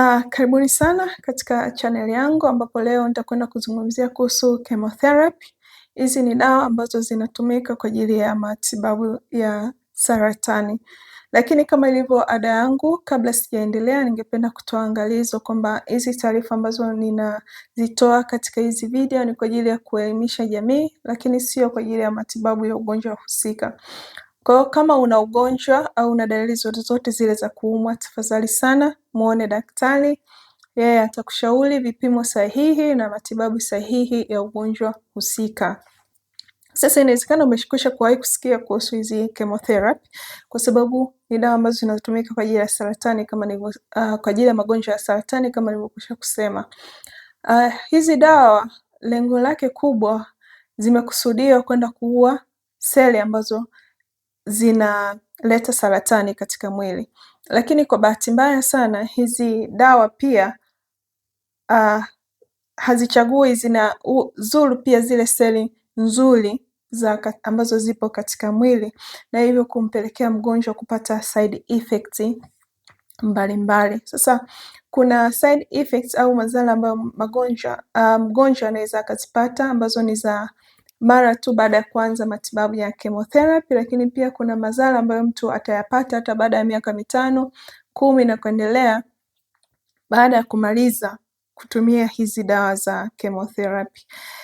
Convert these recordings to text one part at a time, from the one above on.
Uh, karibuni sana katika channel yangu ambapo leo nitakwenda kuzungumzia kuhusu chemotherapy. Hizi ni dawa ambazo zinatumika kwa ajili ya matibabu ya saratani. Lakini kama ilivyo ada yangu, kabla sijaendelea, ningependa kutoa angalizo kwamba hizi taarifa ambazo ninazitoa katika hizi video ni kwa ajili ya kuelimisha jamii, lakini sio kwa ajili ya matibabu ya ugonjwa husika. Kwa hiyo kama una ugonjwa au una dalili zozote zile za kuumwa, tafadhali sana muone daktari, yeye atakushauri vipimo sahihi na matibabu sahihi ya ugonjwa husika. Sasa inawezekana umeshikusha kuwahi kusikia kuhusu hizi chemotherapy kwa sababu ni dawa ambazo zinatumika kwa ajili ya saratani kama nilivyo, uh, kwa ajili ya magonjwa ya saratani kama nilivyokwisha kusema. Uh, hizi dawa lengo lake kubwa zimekusudiwa kwenda kuua seli ambazo zinaleta saratani katika mwili, lakini kwa bahati mbaya sana hizi dawa pia uh, hazichagui, uzuru pia zile seli nzuri za ambazo zipo katika mwili na hivyo kumpelekea mgonjwa kupata side effects mbalimbali. Sasa kuna side effects au madhara ambayo magonjwa uh, mgonjwa anaweza akazipata ambazo ni za mara tu baada ya kuanza matibabu ya chemotherapy, lakini pia kuna madhara ambayo mtu atayapata hata baada ya miaka mitano kumi na kuendelea baada ya kumaliza kutumia hizi dawa za chemotherapy.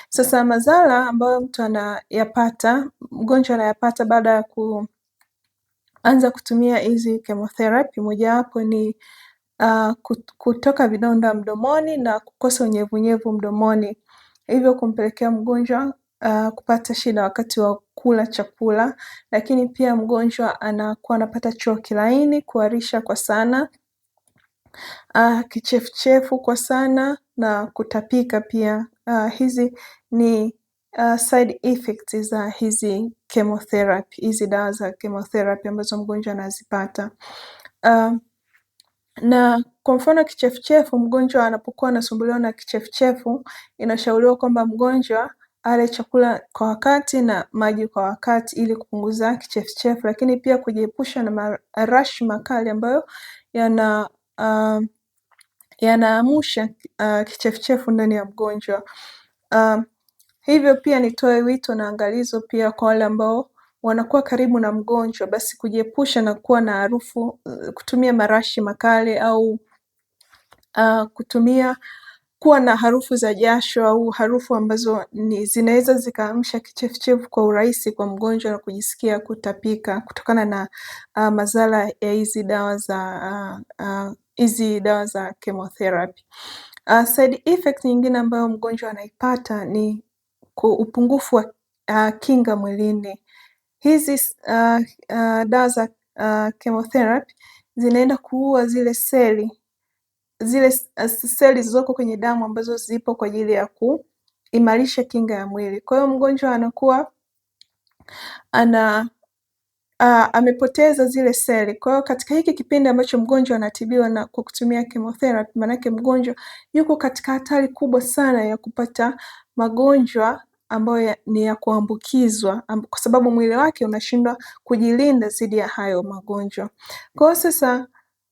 Sasa madhara ambayo mtu anayapata, mgonjwa anayapata baada ya kuanza kutumia hizi chemotherapy, mojawapo ni uh, kutoka vidonda mdomoni na kukosa unyevunyevu mdomoni, hivyo kumpelekea mgonjwa Eh, kupata shida wakati wa kula chakula, lakini pia mgonjwa anakuwa anapata choo kilaini, kuharisha kwa sana, eh, kichefuchefu kwa sana na kutapika pia. Eh, hizi ni side effects za hizi chemotherapy, hizi dawa za chemotherapy ambazo mgonjwa anazipata. Na kwa mfano kichefuchefu, mgonjwa anapokuwa anasumbuliwa na kichefuchefu, inashauriwa kwamba mgonjwa ale chakula kwa wakati na maji kwa wakati ili kupunguza kichefuchefu lakini pia kujiepusha na marashi makali ambayo yana uh, um, yanaamusha uh, kichefuchefu ndani ya mgonjwa uh, hivyo pia nitoe wito na angalizo pia kwa wale ambao wanakuwa karibu na mgonjwa, basi kujiepusha na kuwa na harufu, uh, kutumia marashi makali au uh, kutumia kuwa na harufu za jasho au harufu ambazo ni zinaweza zikaamsha kichefuchefu kwa urahisi kwa mgonjwa na kujisikia kutapika kutokana na uh, madhara ya hizi dawa za hizi uh, uh, dawa za chemotherapy. Uh, side effect nyingine ambayo mgonjwa anaipata ni upungufu wa uh, kinga mwilini. Hizi uh, uh, dawa za uh, chemotherapy zinaenda kuua zile seli zile uh, seli zilizoko kwenye damu ambazo zipo kwa ajili ya kuimarisha kinga ya mwili. Kwa hiyo mgonjwa anakuwa ana Uh, amepoteza zile seli. Kwa hiyo katika hiki kipindi ambacho mgonjwa anatibiwa na kwa kutumia chemotherapy, maanake mgonjwa yuko katika hatari kubwa sana ya kupata magonjwa ambayo ya, ni ya kuambukizwa kwa sababu mwili wake unashindwa kujilinda dhidi ya hayo magonjwa. Kwa hiyo sasa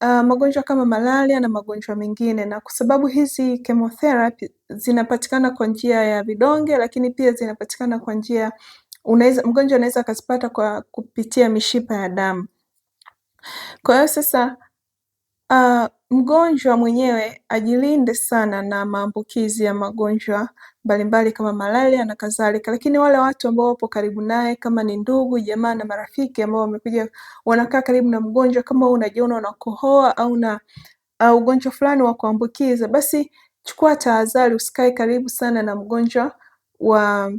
uh, magonjwa kama malaria na magonjwa mengine, na kwa sababu hizi chemotherapy zinapatikana kwa njia ya vidonge, lakini pia zinapatikana kwa njia unaweza mgonjwa anaweza akazipata kwa kupitia mishipa ya damu. Kwa hiyo sasa uh, mgonjwa mwenyewe ajilinde sana na maambukizi ya magonjwa mbalimbali kama malaria na kadhalika, lakini wale watu ambao wapo karibu naye kama ni ndugu, jamaa na marafiki ambao wamekuja wanakaa karibu na mgonjwa, kama unajiona unakohoa au na uh, ugonjwa fulani wa kuambukiza, basi chukua tahadhari, usikae karibu sana na mgonjwa wa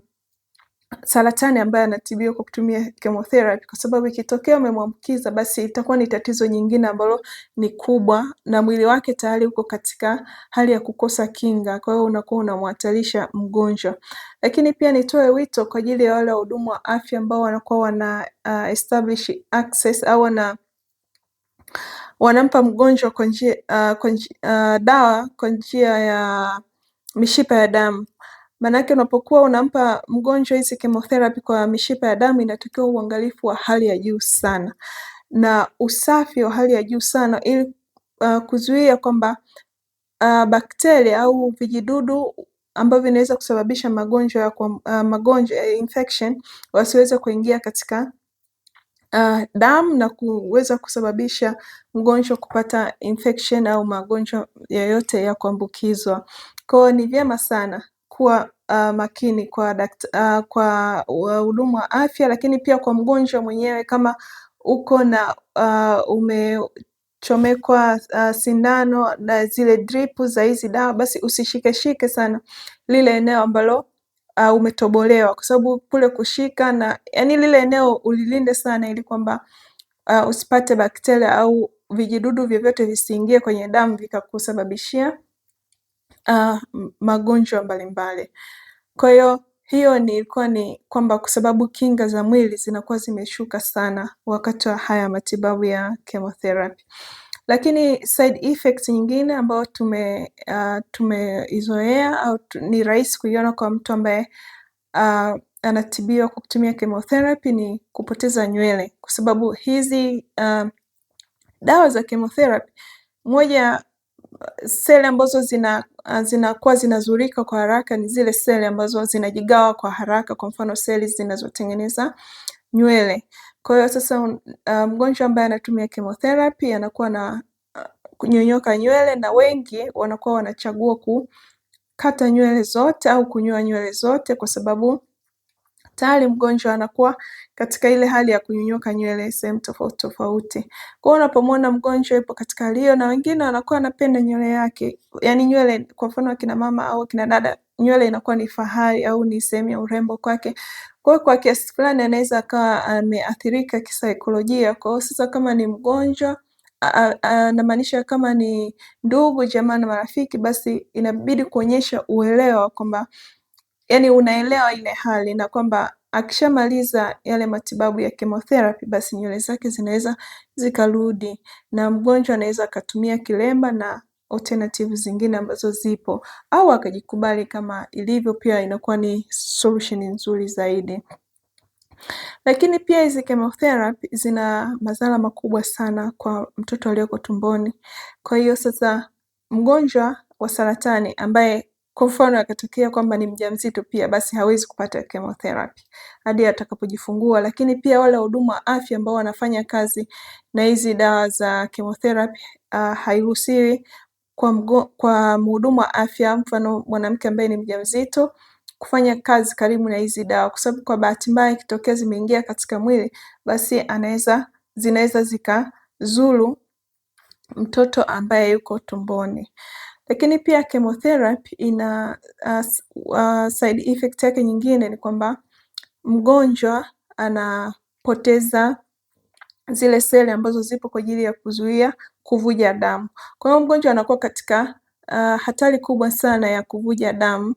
saratani ambayo anatibiwa kwa kutumia chemotherapy, kwa sababu ikitokea umemwambukiza basi itakuwa ni tatizo nyingine ambalo ni kubwa, na mwili wake tayari uko katika hali ya kukosa kinga, kwa hiyo unakuwa unamhatarisha mgonjwa. Lakini pia nitoe wito kwa ajili ya wale wahudumu wa afya ambao wanakuwa wana uh, establish access au wana wanampa mgonjwa kwa njia uh, uh, dawa kwa njia ya mishipa ya damu Maanake unapokuwa unampa mgonjwa hizi chemotherapy kwa mishipa ya damu, inatakiwa uangalifu wa hali ya juu sana na usafi wa hali ya juu sana ili uh, kuzuia kwamba uh, bakteria au vijidudu ambavyo vinaweza kusababisha magonjwa uh, magonjwa eh, infection wasiweze kuingia katika uh, damu na kuweza kusababisha mgonjwa kupata infection au magonjwa yoyote ya kuambukizwa. Kwa ni vyema sana kuwa uh, makini kwa wahudumu uh, uh wa afya, lakini pia kwa mgonjwa mwenyewe kama uko na uh, umechomekwa uh, sindano na zile drip za hizi dawa, basi usishikeshike sana lile eneo ambalo uh, umetobolewa, kwa sababu kule kushika na yani lile eneo ulilinde sana, ili kwamba uh, usipate bakteria au vijidudu vyovyote visiingie kwenye damu vikakusababishia uh, magonjwa mbalimbali. Kwa hiyo hiyo ni ilikuwa ni kwamba kwa sababu kinga za mwili zinakuwa zimeshuka sana wakati wa haya matibabu ya chemotherapy. Lakini side effects nyingine ambayo tume uh, tumeizoea au ni rahisi kuiona kwa mtu ambaye uh, anatibiwa kwa kutumia chemotherapy ni kupoteza nywele, kwa sababu hizi uh, dawa za chemotherapy moja seli ambazo ah, zinakuwa zinazurika kwa haraka ni zile seli ambazo zinajigawa kwa haraka, kwa mfano seli zinazotengeneza nywele. Kwa hiyo sasa, ah, mgonjwa ambaye anatumia chemotherapy anakuwa na uh, ah, nyonyoka nywele, na wengi wanakuwa wanachagua kukata nywele zote au kunyoa nywele zote kwa sababu tayari mgonjwa anakuwa katika ile hali ya kunyonyoka nywele sehemu tofauti tofauti. Kwa hiyo unapomwona mgonjwa yupo katika hali hiyo, na wengine wanakuwa anapenda nywele yake, yaani nywele, kwa mfano akina mama au akina dada, nywele inakuwa ni fahari au ni sehemu ya urembo kwake. Kwa hiyo kwa kiasi fulani anaweza akawa ameathirika kisaikolojia. Kwa hiyo sasa, kama ni mgonjwa anamaanisha kama ni ndugu, jamaa na marafiki, basi inabidi kuonyesha uelewa kwamba yani unaelewa ile hali na kwamba akishamaliza yale matibabu ya chemotherapy basi nywele zake zinaweza zikarudi, na mgonjwa anaweza akatumia kilemba na alternative zingine ambazo zipo, au akajikubali kama ilivyo, pia inakuwa ni solution nzuri zaidi. Lakini pia hizi chemotherapy zina madhara makubwa sana kwa mtoto aliyoko tumboni. Kwa hiyo sasa mgonjwa wa saratani ambaye kwa mfano akatokea kwamba ni mjamzito pia basi hawezi kupata chemotherapy hadi atakapojifungua, lakini pia wale wahudumu wa afya ambao wanafanya kazi na hizi dawa za chemotherapy uh, hairuhusiwi kwa mgo, kwa mhudumu wa afya mfano mwanamke ambaye ni mjamzito kufanya kazi karibu na hizi dawa kwa sababu kwa bahati mbaya ikitokea zimeingia katika mwili basi anaweza zinaweza zikazuru mtoto ambaye yuko tumboni. Lakini pia chemotherapy ina uh, uh, side effect yake nyingine ni kwamba mgonjwa anapoteza zile seli ambazo zipo kwa ajili ya kuzuia kuvuja damu. Kwa hiyo mgonjwa anakuwa katika uh, hatari kubwa sana ya kuvuja damu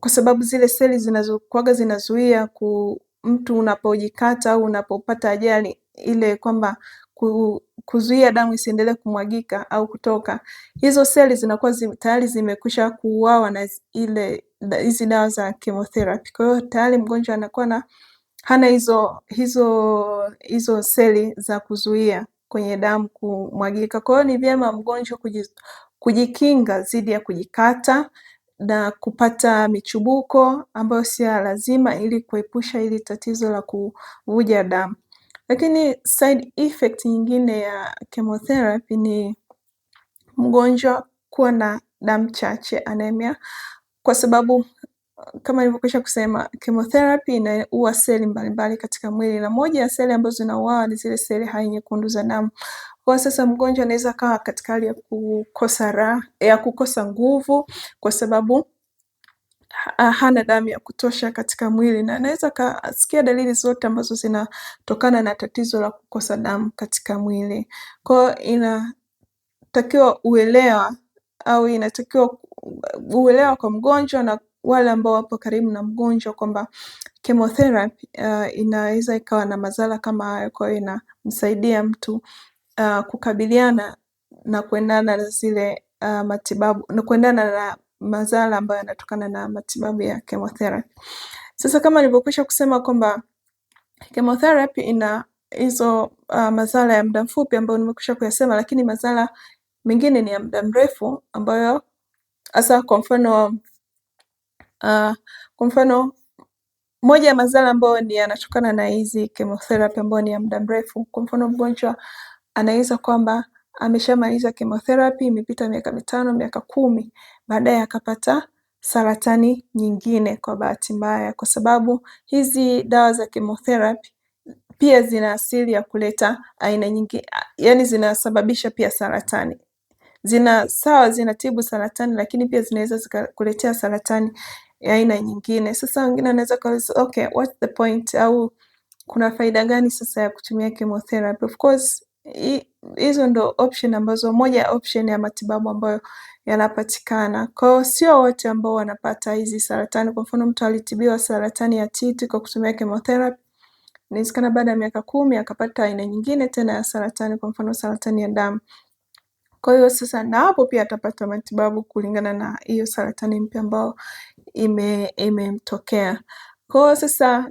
kwa sababu zile seli zinazokuaga zinazuia ku mtu unapojikata au unapopata ajali ile kwamba kuzuia damu isiendelee kumwagika au kutoka, hizo seli zinakuwa zi, tayari zimekwisha kuuawa na ile hizi dawa za chemotherapy. Kwa hiyo tayari mgonjwa anakuwa na hana hizo hizo hizo seli za kuzuia kwenye damu kumwagika. Kwa hiyo ni vyema mgonjwa kujikinga dhidi ya kujikata na kupata michubuko ambayo si lazima, ili kuepusha hili tatizo la kuvuja damu. Lakini side effect nyingine ya chemotherapy ni mgonjwa kuwa na damu chache anemia, kwa sababu kama nilivyokwisha kusema chemotherapy inaua seli mbalimbali katika mwili, na moja ya seli ambazo zinauawa ni zile seli hai nyekundu za damu. Kwa sasa mgonjwa anaweza akawa katika hali ya kukosa ra, ya kukosa nguvu kwa sababu hana damu ya kutosha katika mwili na anaweza akasikia dalili zote ambazo zinatokana na tatizo la kukosa damu katika mwili. Kwa hiyo inatakiwa uelewa au inatakiwa uelewa kwa mgonjwa na wale ambao wapo karibu na mgonjwa kwamba chemotherapy uh, inaweza ikawa na madhara kama hayo. Kwa hiyo inamsaidia mtu uh, kukabiliana na kuendana na zile uh, matibabu na kuendana na madhara ambayo yanatokana na matibabu ya chemotherapy. Sasa kama nilivyokwisha kusema kwamba chemotherapy ina hizo uh, madhara ya muda mfupi ambayo nimekwisha kuyasema, lakini madhara mengine ni ya muda mrefu ambayo hasa kwa mfano uh, kwa mfano moja ya madhara ambayo ni yanatokana na hizi chemotherapy ambayo ni ya muda mrefu, kwa mfano mgonjwa anaweza kwamba ameshamaliza chemotherapy imepita miaka mitano miaka kumi, baadaye akapata saratani nyingine kwa bahati mbaya, kwa sababu hizi dawa za chemotherapy pia zina asili ya kuleta aina nyingi, yani zinasababisha pia saratani zina sawa, zinatibu saratani lakini pia zinaweza zikakuletea saratani ya aina nyingine. Sasa wengine wanaweza kuuliza okay, what's the point, au kuna faida gani sasa ya kutumia chemotherapy? Of course Hizo ndo option ambazo, moja ya option ya matibabu ambayo yanapatikana. Kwa hiyo sio wote ambao wanapata hizi saratani. Kwa mfano mtu alitibiwa saratani ya titi kwa kutumia chemotherapy, inawezekana baada ya miaka kumi akapata aina nyingine tena ya saratani, kwa mfano saratani ya damu. Kwa hiyo sasa, na hapo pia atapata matibabu kulingana na hiyo saratani mpya ambayo imemtokea. Kwa hiyo sasa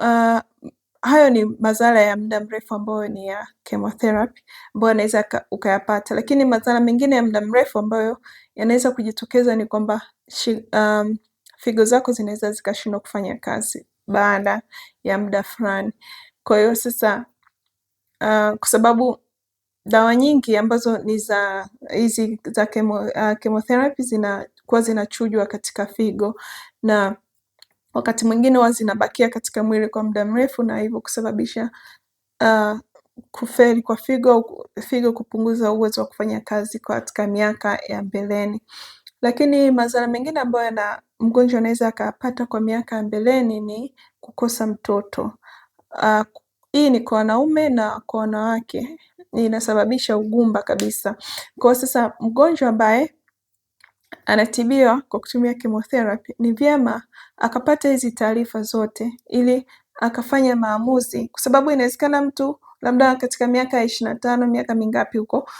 uh, hayo ni madhara ya muda mrefu ambayo ni ya chemotherapy ambayo anaweza ukayapata, lakini madhara mengine ya muda mrefu ambayo yanaweza kujitokeza ni kwamba um, figo zako zinaweza zikashindwa kufanya kazi baada ya muda fulani. Kwa hiyo sasa uh, kwa sababu dawa nyingi ambazo ni za hizi za chemo, uh, chemotherapy zinakuwa zinachujwa katika figo na wakati mwingine huwa zinabakia katika mwili kwa muda mrefu na hivyo kusababisha uh, kufeli kwa figo, figo kupunguza uwezo wa kufanya kazi katika miaka ya mbeleni. Lakini madhara mengine ambayo na mgonjwa anaweza akapata kwa miaka ya mbeleni ni kukosa mtoto. Uh, hii ni kwa wanaume na kwa wanawake, inasababisha ugumba kabisa. Kwa sasa mgonjwa ambaye anatibiwa kwa kutumia chemotherapy, ni vyema akapata hizi taarifa zote ili akafanya maamuzi, kwa sababu inawezekana mtu labda katika miaka ya ishirini na tano miaka mingapi huko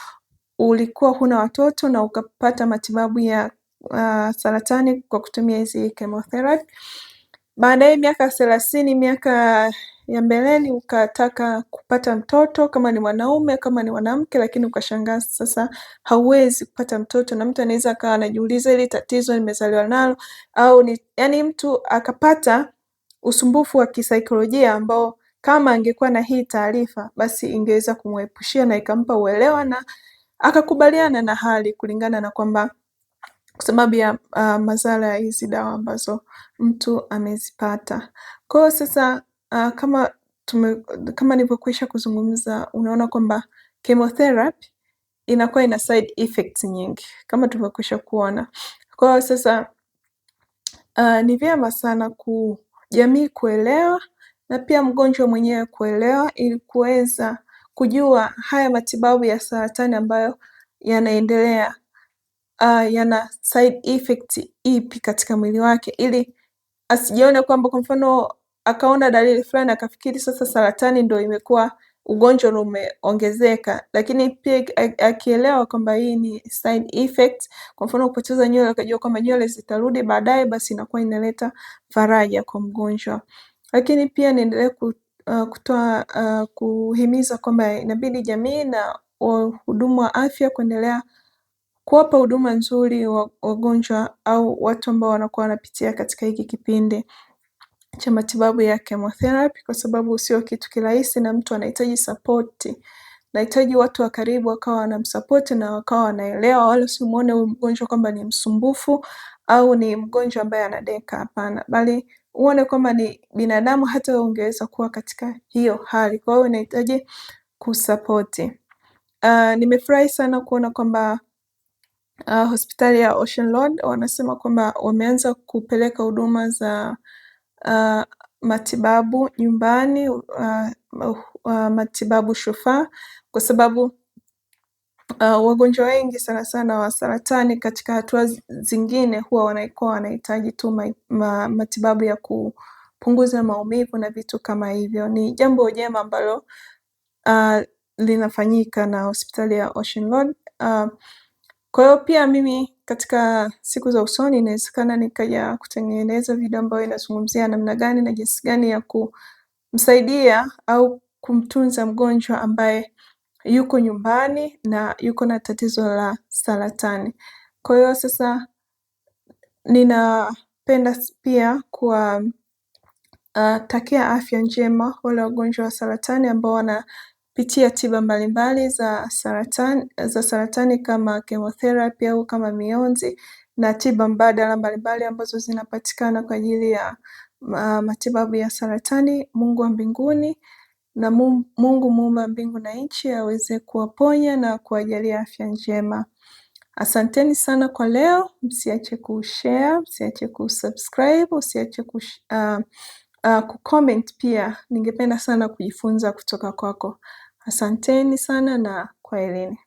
ulikuwa huna watoto na ukapata matibabu ya uh, saratani kwa kutumia hizi chemotherapy. Baadaye miaka thelathini miaka ya mbeleni ukataka kupata mtoto kama ni mwanaume kama ni mwanamke, lakini ukashangaa sasa hauwezi kupata mtoto, na mtu anaweza akawa anajiuliza ili tatizo nimezaliwa nalo au ni, yani mtu akapata usumbufu wa kisaikolojia ambao kama angekuwa na hii taarifa basi ingeweza kumwepushia na ikampa uelewa na akakubaliana na hali kulingana na kwamba kwa sababu ya uh, madhara ya hizi dawa ambazo mtu amezipata. Kwa hiyo sasa Uh, kama tume, kama nilivyokwisha kuzungumza, unaona kwamba chemotherapy inakuwa ina side effects nyingi kama tumekwisha kuona. Kwa hiyo sasa, uh, ni vyema sana ku jamii kuelewa na pia mgonjwa mwenyewe kuelewa ili kuweza kujua haya matibabu ya saratani ambayo yanaendelea uh, yana side effect ipi katika mwili wake, ili asijione kwamba kwa mfano akaona dalili fulani akafikiri sasa saratani ndo imekuwa ugonjwa umeongezeka, lakini pia akielewa kwamba hii ni side effect. Kwa mfano kupoteza nywele, akajua kwamba nywele zitarudi baadaye, basi inakuwa inaleta faraja kwa mgonjwa. Lakini pia niendelee uh, kutoa uh, kuhimiza kwamba inabidi jamii na wahudumu wa afya kuendelea kuwapa huduma nzuri wagonjwa au watu ambao wanakuwa wanapitia katika hiki kipindi cha matibabu ya chemotherapy kwa sababu sio kitu kirahisi na mtu anahitaji sapoti, nahitaji watu wa karibu wakawa wanamsapoti na wakawa wanaelewa, wala usimuone huyu mgonjwa kwamba ni msumbufu au ni mgonjwa ambaye anadeka. Hapana, bali uone kwamba ni binadamu, hata wewe ungeweza kuwa katika hiyo hali, kwa hiyo unahitaji kusapoti. Uh, ah, nimefurahi sana kuona kwamba uh, hospitali ya Ocean Road wanasema kwamba wameanza kupeleka huduma za matibabu nyumbani, matibabu shufaa kwa sababu wagonjwa wengi sana sana wa saratani katika hatua zingine huwa wanakuwa wanahitaji tu matibabu ya kupunguza maumivu na vitu kama hivyo. Ni jambo jema ambalo linafanyika na hospitali ya Ocean Road. Kwa hiyo pia mimi katika siku za usoni inawezekana nikaja kutengeneza video ambayo inazungumzia namna gani na jinsi gani ya kumsaidia au kumtunza mgonjwa ambaye yuko nyumbani na yuko na tatizo la saratani. Kwa hiyo sasa ninapenda pia kuwatakia afya njema wale wagonjwa wa saratani ambao wana kupitia tiba mbalimbali za saratani, za saratani kama chemotherapy au kama mionzi na tiba mbadala mbalimbali ambazo zinapatikana kwa ajili ya matibabu ya saratani. Mungu wa mbinguni na Mungu muumba mbingu na nchi aweze kuwaponya na kuwajalia afya njema. Asanteni sana kwa leo, msiache kushare, msiache kusubscribe, usiache kush, uh, uh, kucomment pia. Ningependa sana kujifunza kutoka kwako. Asanteni sana na kwaherini.